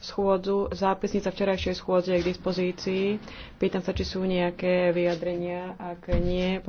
schôdzu. Zápisnica včerajšej schôdze je k dispozícii. Pýtam sa, či sú nejaké vyjadrenia. Ak nie,